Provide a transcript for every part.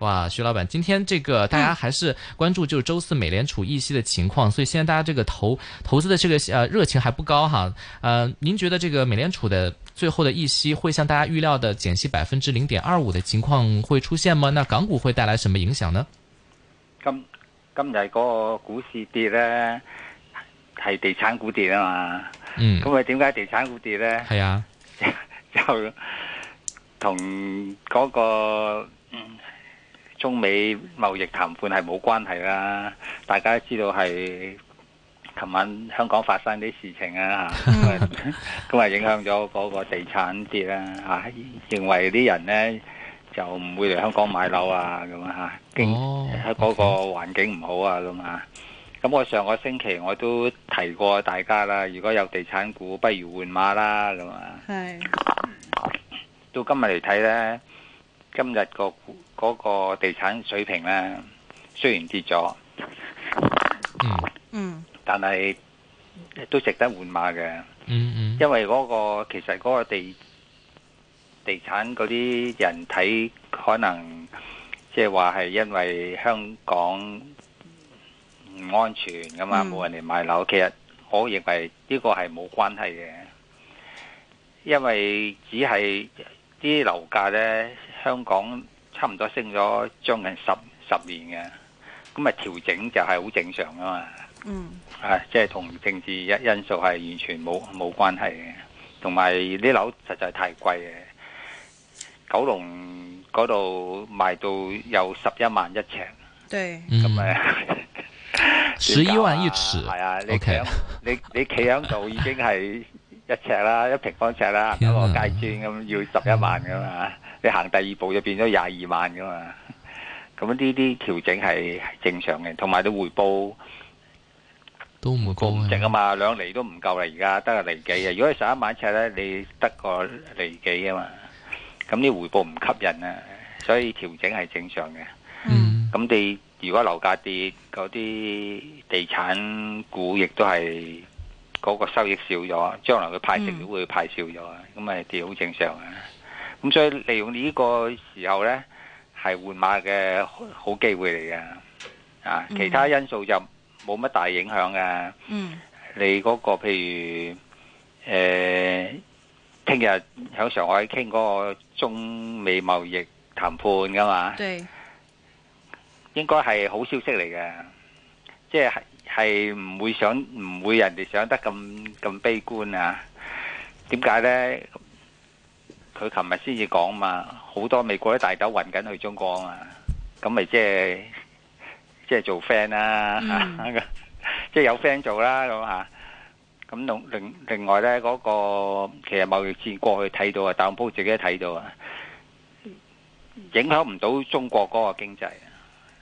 哇，徐老闆，今天這個大家還是關注，就是周四美聯儲議息的情況，嗯、所以現在大家這個投投資的這個，呃，熱情還不高哈。呃，您覺得這個美聯儲的最後的議息會像大家預料的減息百分之零點二五的情況會出現嗎？那港股會帶來什麼影響呢？今今日嗰個股市跌呢，係地產股跌啊嘛。嗯。咁啊，點解地產股跌呢？係啊、哎呀。 就同嗰、那個嗯。中美貿易談判係冇關係啦，大家都知道係琴晚香港發生啲事情啊，咁啊 影響咗嗰個地產跌啦嚇、哎，認為啲人呢就唔會嚟香港買樓啊咁啊嚇，喺、嗰、嗰個環境唔好啊咁啊。咁我上個星期我都提過大家啦，如果有地產股，不如換馬啦咁啊。係是。到今日嚟睇呢。今日個個地產水平咧，雖然跌咗，嗯，但係都值得換馬嘅，嗯嗯，因為嗰個其實嗰個地地產嗰啲人睇，可能即係話係因為香港唔安全噶嘛，冇、嗯、人嚟買樓。其實我認為呢個係冇關係嘅，因為只係啲樓價咧。香港差唔多升咗將近十十年嘅、啊，咁啊調整就係好正常噶、啊、嘛。嗯，係即係同政治因素係完全冇冇關係嘅。同埋呢樓實在太貴嘅，九龍嗰度賣到有十一、啊、萬一尺。對，咁啊，十一萬一尺，係啊，你企 okay.，你你企喺度已經係。 一尺啦，一平方尺啦，有個街磚咁要十一萬噶嘛？嗯，你行第二步就變咗廿二萬噶嘛？咁呢啲調整係正常嘅，同埋啲回報都唔夠唔值啊嘛，兩厘都唔夠啦而家，得個厘幾啊？如果你十一萬尺呢，你得個厘幾啊嘛？咁啲回報唔吸引啊，所以調整係正常嘅。嗯，咁你如果樓價跌，嗰啲地產股亦都係。嗰個收益少咗，將來佢派息會派少咗，咁咪啲好正常啊！咁所以利用呢個時候呢，係換馬嘅好機會嚟嘅。啊，其他因素就冇乜大影響嘅。嗯，你嗰個譬如誒，聽日喺上海傾嗰個中美貿易談判噶嘛？對，應該係好消息嚟嘅，即係。係唔會想唔會人哋想得咁咁悲觀啊？點解呢？佢琴日先至講嘛，好多美國啲大豆運緊去中國啊嘛，咁咪即係即係做 friend 啦吓，即係有 friend 做啦咁吓。咁另另另外呢，嗰個其實貿易戰過去睇到啊，特朗普自己都睇到啊，影響唔到中國嗰個經濟，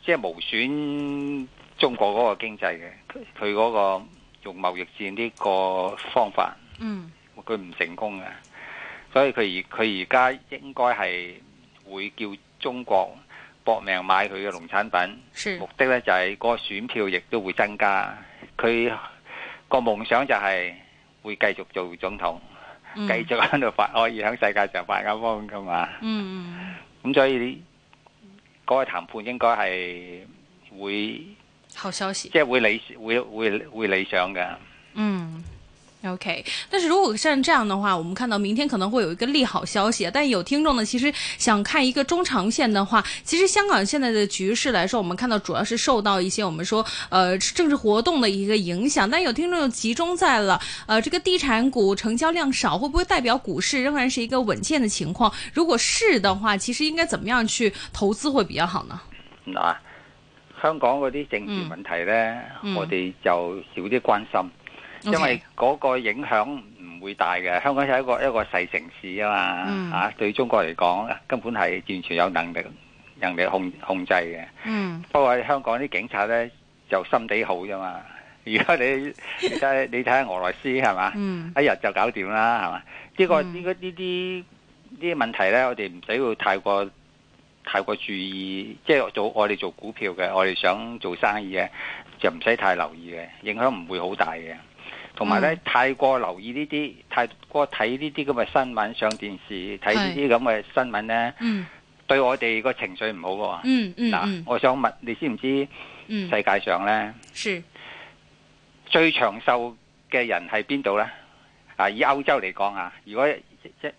即係無損。中國嗰個經濟嘅，佢佢嗰個用貿易戰呢個方法，嗯，佢唔成功嘅，所以佢而佢而家應該係會叫中國搏命買佢嘅農產品，是目的呢就係個選票亦都會增加。佢個夢想就係會繼續做總統，嗯、繼續喺度發，可以喺世界上發緊光噶嘛。嗯，咁所以嗰、嗰個談判應該係會。好消息，這會理會會會理想嘅。嗯，OK。但是如果像這樣的話，我們看到明天可能會有一個利好消息。但有聽眾呢，其實想看一個中長線的話，其實香港現在的局勢來說，我們看到主要是受到一些我們說，呃，政治活動的一個影響。但有聽眾又集中在了，呃，這個地產股成交量少，會不會代表股市仍然是一個穩健的情況？如果是的話，其實應該怎麼樣去投資會比較好呢？啊、嗯？香港嗰啲政治問題呢，嗯嗯、我哋就少啲關心，因為嗰個影響唔會大嘅。香港係一個一個細城市啊嘛，嚇、嗯啊、對中國嚟講根本係完全有能力人哋控控制嘅。嗯、不過香港啲警察呢就心地好啫嘛。如果你睇下俄羅斯係嘛，嗯、一日就搞掂啦係嘛。呢、呢個呢個呢啲呢啲問題咧，我哋唔使要太過。太過注意，即係做我哋做股票嘅，我哋想做生意嘅，就唔使太留意嘅，影響唔會好大嘅。同埋咧，嗯、太過留意呢啲，太過睇呢啲咁嘅新聞，上電視睇呢啲咁嘅新聞咧，嗯、對我哋個情緒唔好嘅。嗱，我想問你知唔知世界上咧、嗯、最長壽嘅人係邊度咧？啊，以歐洲嚟講啊，如果即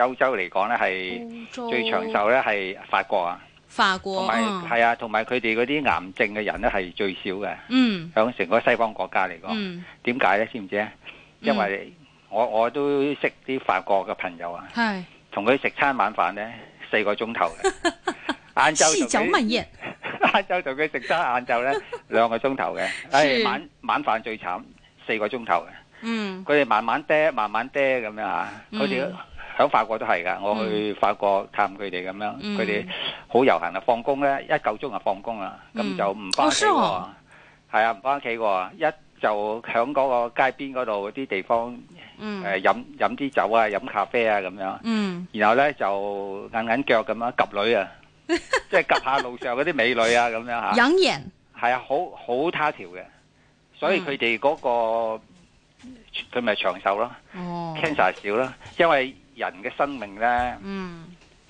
歐洲嚟講咧，係最長壽咧，係法國啊。法國同埋係啊，同埋佢哋嗰啲癌症嘅人咧係最少嘅。嗯，響成個西方國家嚟講，點解咧？知唔知咧？因為我我都識啲法國嘅朋友啊，係同佢食餐晚飯咧，四個鐘頭嘅。晏晝做晏晝同佢食餐晏晝咧，兩個鐘頭嘅。係晚晚飯最慘，四個鐘頭嘅。嗯，佢哋慢慢嗲慢慢嗲咁樣啊，佢哋。喺法國都係噶，我去法國探佢哋咁樣，佢哋好悠閒啊！放工咧一夠鐘就放工啦，咁就唔返屋企喎，係啊唔返屋企喎，一就喺嗰個街邊嗰度啲地方誒飲飲啲酒啊，飲咖啡啊咁樣，然後咧就硬硬腳咁樣 𥄫 女啊，即係 𥄫 下路上嗰啲美女啊咁樣嚇。養眼係啊，好好他條嘅，所以佢哋嗰個佢咪長壽咯，cancer 少啦，因為。人嘅生命咧，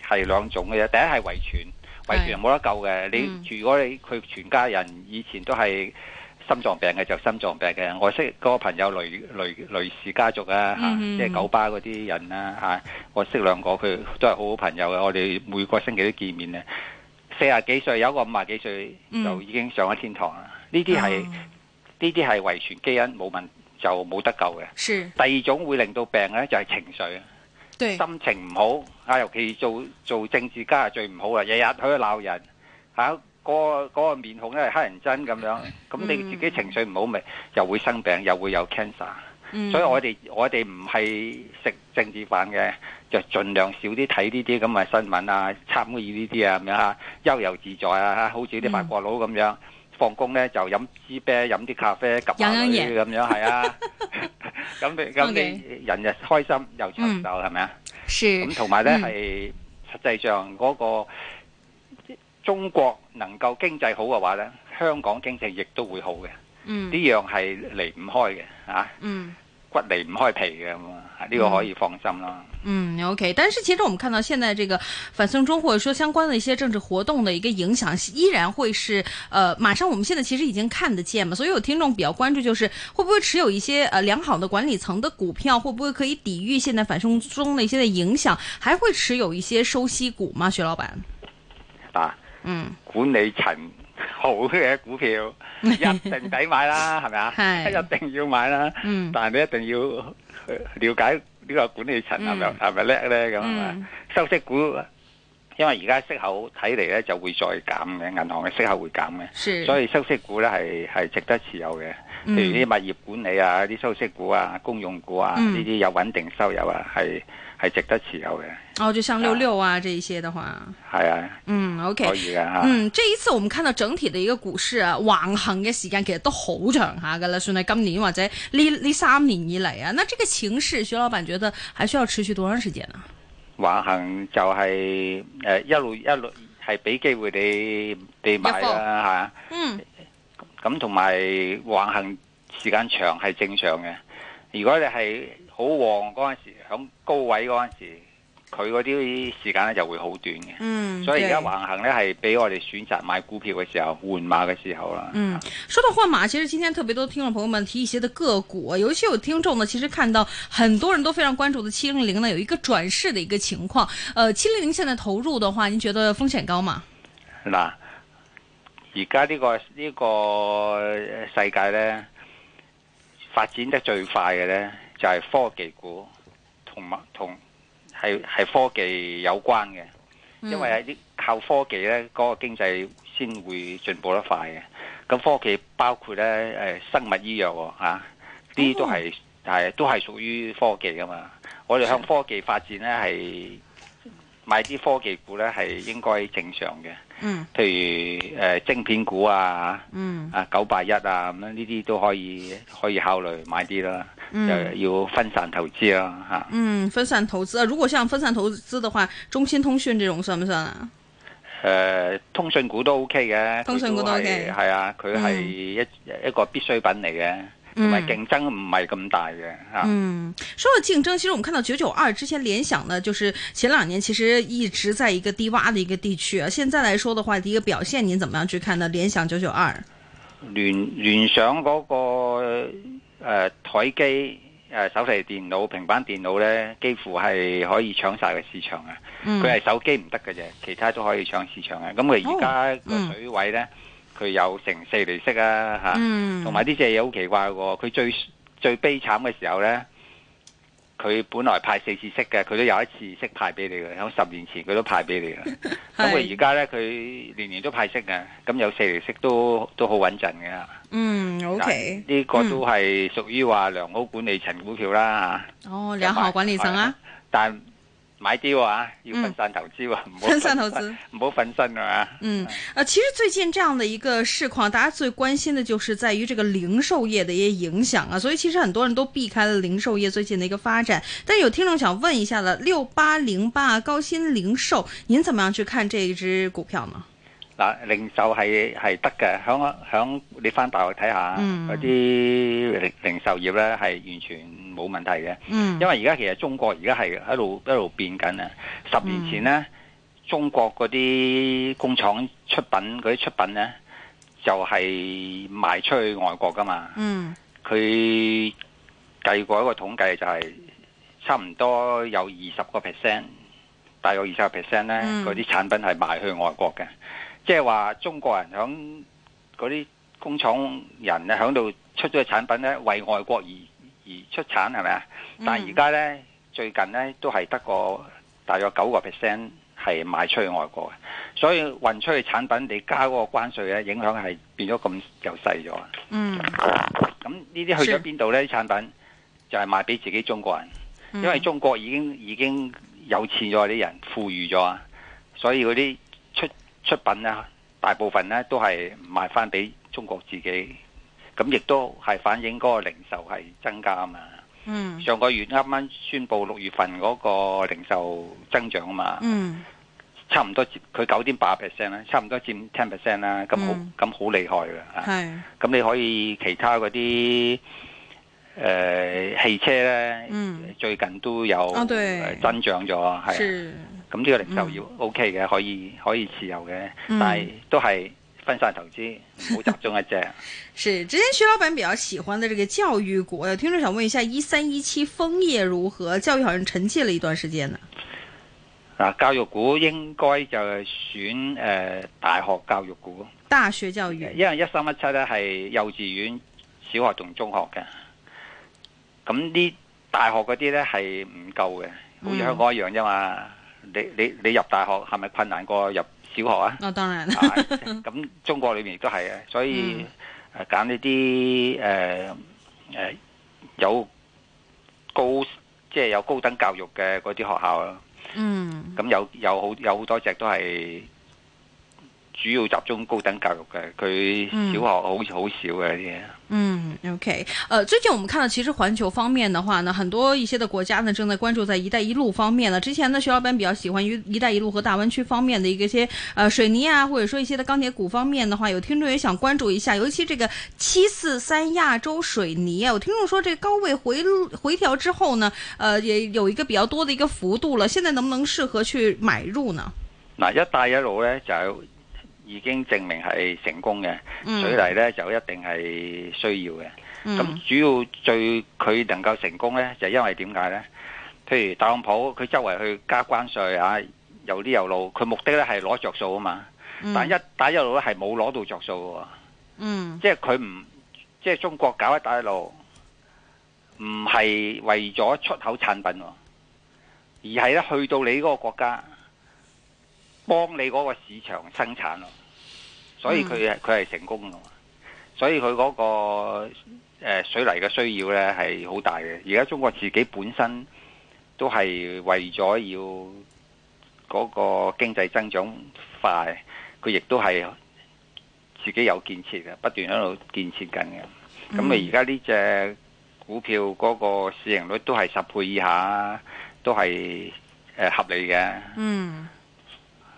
係、嗯、兩種嘅嘢。第一係遺傳，遺傳冇得救嘅。嗯、你如果你佢全家人以前都係心臟病嘅，就心臟病嘅。我識個朋友雷，雷雷氏家族啊，嗯、啊即係九巴嗰啲人啦、啊、嚇、啊。我識兩個，佢都係好好朋友嘅。我哋每個星期都見面咧。四十幾歲有個五十幾歲，歲就已經上咗天堂啦。呢啲係呢啲係遺傳基因冇問就冇得救嘅。是第二種會令到病呢，就係、是、情緒。對心情唔好啊，尤其做做政治家係啊，最唔好啊，日日喺度鬧人，嚇嗰個嗰個面孔咧係黑人憎咁樣，咁、嗯、你自己情緒唔好咪又會生病，又會有 cancer、嗯。所以我哋我哋唔係食政治飯嘅，就儘量少啲睇呢啲咁嘅新聞啊，參與呢啲啊咁樣啊，悠遊自在啊，好似啲白果佬咁樣，放工咧就飲支啤，飲啲咖啡 𥁐 下佢咁樣，係啊。咁你咁你人又開心又長壽係咪啊？係，咁同埋咧係實際上嗰個中國能夠經濟好嘅話咧，香港經濟亦都會好嘅。呢樣係離唔開嘅嚇，骨離唔開皮嘅嘛。呢個可以放心啦。嗯，OK，但是其實我們看到現在這個反送中或者說相關的一些政治活動的一個影響，依然會是，呃，馬上我們現在其實已經看得見嘛。所以有聽眾比較關注，就是會不會持有一些呃良好的管理層的股票，會不會可以抵禦現在反送中的一些影響？還會持有一些收息股嗎？徐老闆？啊，嗯，管理層。好嘅股票，一定抵買啦，係咪啊？係是，一定要買啦。嗯、但係你一定要了解呢個管理層又係咪叻咧？咁啊、嗯，是是嗯、收息股，因為而家息口睇嚟咧就會再減嘅，銀行嘅息口會減嘅，是所以收息股咧係係值得持有嘅。譬如啲物業管理啊，啲收息股啊，公用股啊，呢啲、嗯、有穩定收入啊，係。係值得持有嘅。哦，就像六六啊，啊這一些的話。係啊。嗯，OK。可以嘅吓。嗯，這一次我們看到整體的一個股市，啊、橫行嘅時間其實都好長下噶啦，算係今年或者呢呢三年以嚟，啊。那這個情勢，徐老闆覺得還需要持續多長時間啊？橫行就係、是、誒、呃、一路一路係俾機會你你買啦，係、嗯、啊。嗯。咁同埋橫行時間長係正常嘅。如果你係，好旺嗰陣時，咁高位嗰陣時，佢嗰啲時間呢就會好短嘅。嗯，所以而家橫行呢，係俾我哋選擇買股票嘅時候換馬嘅時候啦。嗯，說到換馬，其實今天特別多聽眾朋友們提一些的個股，尤其有聽眾呢，其實看到很多人都非常關注的七零零呢，有一個轉勢的一個情況。呃，七零零現在投入的話，你覺得風險高嘛？嗱，這個，而家呢個呢個世界呢，發展得最快嘅呢。就係科技股，同埋同係係科技有關嘅，因為喺啲靠科技咧，嗰個經濟先會進步得快嘅。咁科技包括咧，誒生物醫藥啊，呢啲都係係都係屬於科技㗎嘛。我哋向科技發展咧，係買啲科技股咧，係應該正常嘅。嗯，譬如誒、呃、晶片股啊，嗯啊，九八一啊咁樣，呢啲都可以可以考慮買啲啦，嗯就要分散投資啦吓。嗯，分散投資啊，如果像分散投資嘅話，中興通訊這種算唔算啊？誒、呃，通訊股都 OK 嘅，通訊股都 OK。係、嗯、啊，佢係一、嗯、一個必需品嚟嘅。唔係競爭唔係咁大嘅嚇。嗯，講到、啊、競爭，其實我們看到九九二之前，聯想呢，就是前兩年其實一直在一個低洼嘅一個地區啊。現在來說嘅話，一個表現，您點樣去看呢？聯想九九二，聯聯想嗰、那個、呃、台機誒、呃、手提電腦、平板電腦呢，幾乎係可以搶晒個市場啊。佢係、嗯、手機唔得嘅啫，其他都可以搶市場嘅、啊。咁佢而家個水位呢？哦嗯佢有成四厘息啊，吓、啊，同埋呢隻嘢好奇怪喎。佢最最悲慘嘅時候呢，佢本來派四次息嘅，佢都有一次息派俾你嘅。響十年前佢都派俾你啦，咁佢而家呢，佢年年都派息嘅，咁有四厘息都都好穩陣嘅。嗯，OK，呢個都係屬於話良好管理層股票啦。嗯啊、哦，良好管理層啊，啊，但。買啲喎、啊、要分散投資喎、啊，唔好、嗯、分散投資，唔好瞓身啊。啊嗯，啊，其實最近這樣的一個市況，大家最關心的，就是在於這個零售業的一些影響啊。所以其實很多人都避開了零售業最近的一個發展。但有聽眾想問一下啦，六八零八高新零售，您怎麼樣去看這一隻股票呢？嗱，零售係係得嘅，響響你翻大陸睇下，嗰啲零零售業咧係完全。冇問題嘅，嗯、因為而家其實中國而家係喺度一路變緊啊！十年前咧，嗯、中國嗰啲工廠出品嗰啲出品咧，就係、是、賣出去外國噶嘛。佢計、嗯、過一個統計就係差唔多有二十個 percent，大約二十個 percent 咧，嗰啲，嗯、產品係賣去外國嘅。即係話中國人響嗰啲工廠人咧，響度出咗產品咧，為外國而。而出產係咪啊？但係而家呢，最近呢都係得個大約九個 percent 係賣出去外國嘅，所以運出去產品你加嗰個關稅呢，影響係變咗咁又細咗。嗯，咁呢啲去咗邊度呢？啲 Sure. 產品就係賣俾自己中國人，因為中國已經已經有錢咗啲人富裕咗，所以嗰啲出出品呢，大部分呢都係賣翻俾中國自己。咁亦都係反映嗰個零售係增加啊嘛，嗯、上個月啱啱宣布六月份嗰個零售增長啊嘛，嗯、差唔多佔佢九點八 percent 啦，差唔多佔 ten percent 啦，咁好咁好厲害嘅啊！咁是你可以其他嗰啲誒汽車咧，嗯、最近都有增長咗，係咁呢個零售要 OK 嘅，可以可以，可以持有嘅，嗯、但係都係。分散投資，唔好集中一隻。 是之前徐老闆比較喜歡嘅，這個教育股，有聽眾想問一下，一三一七楓葉如何？教育好像沉寂了一段時間啦。教育股應該就選、呃、大學教育股，大學教育，因為一三一七咧係幼稚園、小學同中學嘅。咁啲大學嗰啲呢係唔夠嘅，好似香港一樣啫嘛、嗯。你你你入大學係咪困難過入？小學啊，我、oh, 當然，咁 中國裏面亦都係啊，所以揀呢啲誒誒有高即係、就是、有高等教育嘅嗰啲學校咯、啊。嗯，咁有有，有好有好多隻都係。主要集中高等教育嘅，佢小學好好少嘅啲嘢。嗯，嗯，OK，呃，最近我們看到其實環球方面的話呢，很多一些的國家呢正在關注在一帶一路方面呢。之前呢，徐老闆比較喜歡於一帶一路和大灣區方面的一個一些，呃，水泥啊，或者說一些的鋼鐵股方面的話，有聽眾也想關注一下，尤其這個七四三亞洲水泥啊，有聽眾說這個高位回回調之後呢，呃，也有一個比較多的一個幅度了，現在能不能適合去買入呢？那、啊、一,一帶一路呢，就。已經證明係成功嘅水泥咧就一定係需要嘅。咁主要最佢能夠成功咧，就因為點解咧？譬如特朗普佢周圍去加關稅啊，有啲有路，佢目的咧係攞著數啊嘛。但係一帶一路咧係冇攞到著數嘅喎。嗯，即係佢唔即係中國搞一帶一路，唔係為咗出口產品喎，而係咧去到你嗰個國家幫你嗰個市場生產咯。所以佢係佢係成功㗎嘛，所以佢嗰個水泥嘅需要咧係好大嘅。而家中國自己本身都係為咗要嗰個經濟增長快，佢亦都係自己有建設嘅，不斷喺度建設緊嘅。咁啊，而家呢隻股票嗰個市盈率都係十倍以下，都係誒合理嘅。嗯。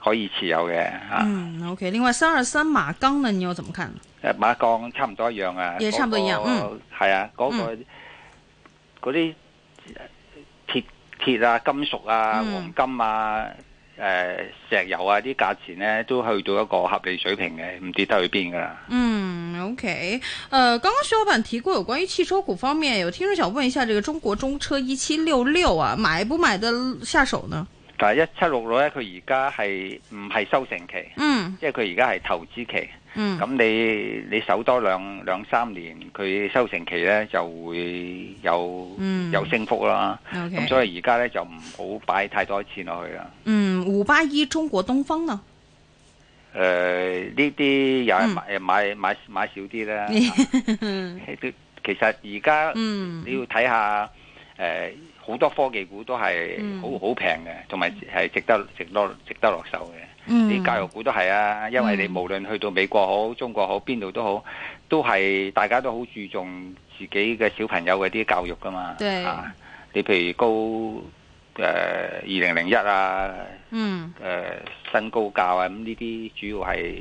可以持有嘅嚇。嗯，OK。另外三二三馬鋼呢？你又點看？誒馬鋼差唔多一樣啊。也差唔多一樣，嗰個、嗯，係啊，嗰、嗰個嗰啲鐵鐵啊、金屬啊、嗯、黃金啊、誒、呃、石油啊啲價錢呢，都去到一個合理水平嘅，唔跌得去邊㗎啦。嗯，OK、呃。誒，剛剛徐老闆提過有關於汽車股方面，有聽眾想問一下，這個中國中車一七六六啊，買不買得下手呢？但係一七六六咧，佢而家係唔係收成期？嗯、即係佢而家係投資期。咁、嗯、你你守多兩兩三年，佢收成期咧就會有、嗯、有升幅啦。咁所以而家咧就唔好擺太多錢落去啦。Okay. 嗯，五八一中國東方啊，誒、呃，呢啲有、嗯、買買買買少啲啦。 其實而家、嗯、你要睇下誒。呃好多科技股都係好好平嘅，同埋係值得值得值得落手嘅。啲、嗯、教育股都係啊，因為你無論去到美國好、中國好、邊度都好，都係大家都好注重自己嘅小朋友嘅啲教育噶嘛。對啊，你譬如高誒二零零一啊，誒新、嗯呃、高教啊，咁呢啲主要係。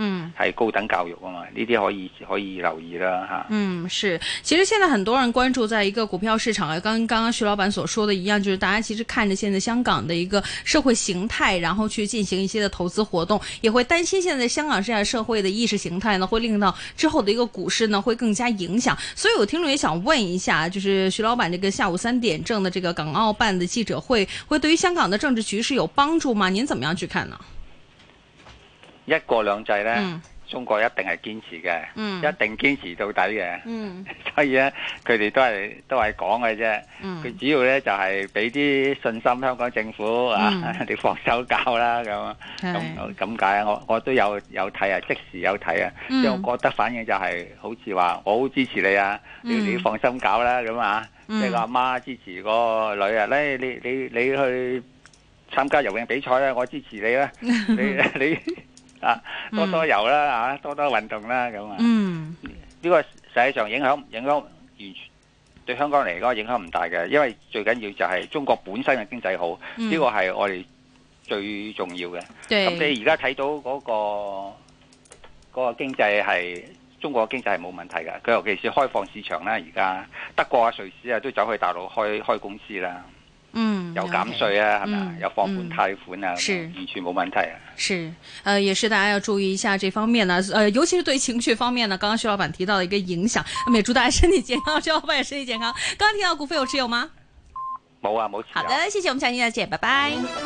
嗯，係高等教育啊嘛，呢啲可以可以留意啦，吓嗯，是，其實現在很多人關注在一個股票市場啊，跟剛剛徐老闆所說的一樣，就是大家其實看着現在香港的一個社會形態，然後去進行一些的投資活動，也會擔心現在香港現在社會的意識形態呢，會令到之後的一個股市呢會更加影響。所以，我聽眾也想問一下，就是徐老闆，這個下午三點正的這個港澳辦的記者會，會對於香港的政治局勢有幫助嗎？您怎麼樣去看呢？一國兩制呢，中國一定係堅持嘅，一定堅持到底嘅。所以呢，佢哋都係都係講嘅啫。佢主要呢，就係俾啲信心香港政府啊，你放手搞啦咁。咁解我我都有有睇啊，即時有睇啊。即我覺得反應就係好似話，我好支持你啊，你放心搞啦咁啊。你個阿媽支持個女啊，咧你你你去參加游泳比賽啊，我支持你啊。你你。啊，多多油啦，啊，多多運動啦，咁啊，嗯、呢個實際上影響影響完全對香港嚟講影響唔大嘅，因為最緊要就係中國本身嘅經濟好，嗯、呢個係我哋最重要嘅。咁對你而家睇到嗰個嗰個經濟係中國經濟係冇問題嘅，佢尤其是開放市場啦，而家德國啊、瑞士啊都走去大陸開開公司啦。嗯，有減稅啊，係咪啊？有放款貸款啊，嗯、完全冇問題啊！是，誒、呃，也是大家要注意一下這方面啦。誒、呃，尤其是對情緒方面呢，剛剛徐老闆提到了一個影響，嗯，也祝大家身體健康，徐老闆也身體健康。剛剛聽到股份有持有嗎？冇啊，冇持有。好的，謝謝我們下期再見，拜拜。拜拜。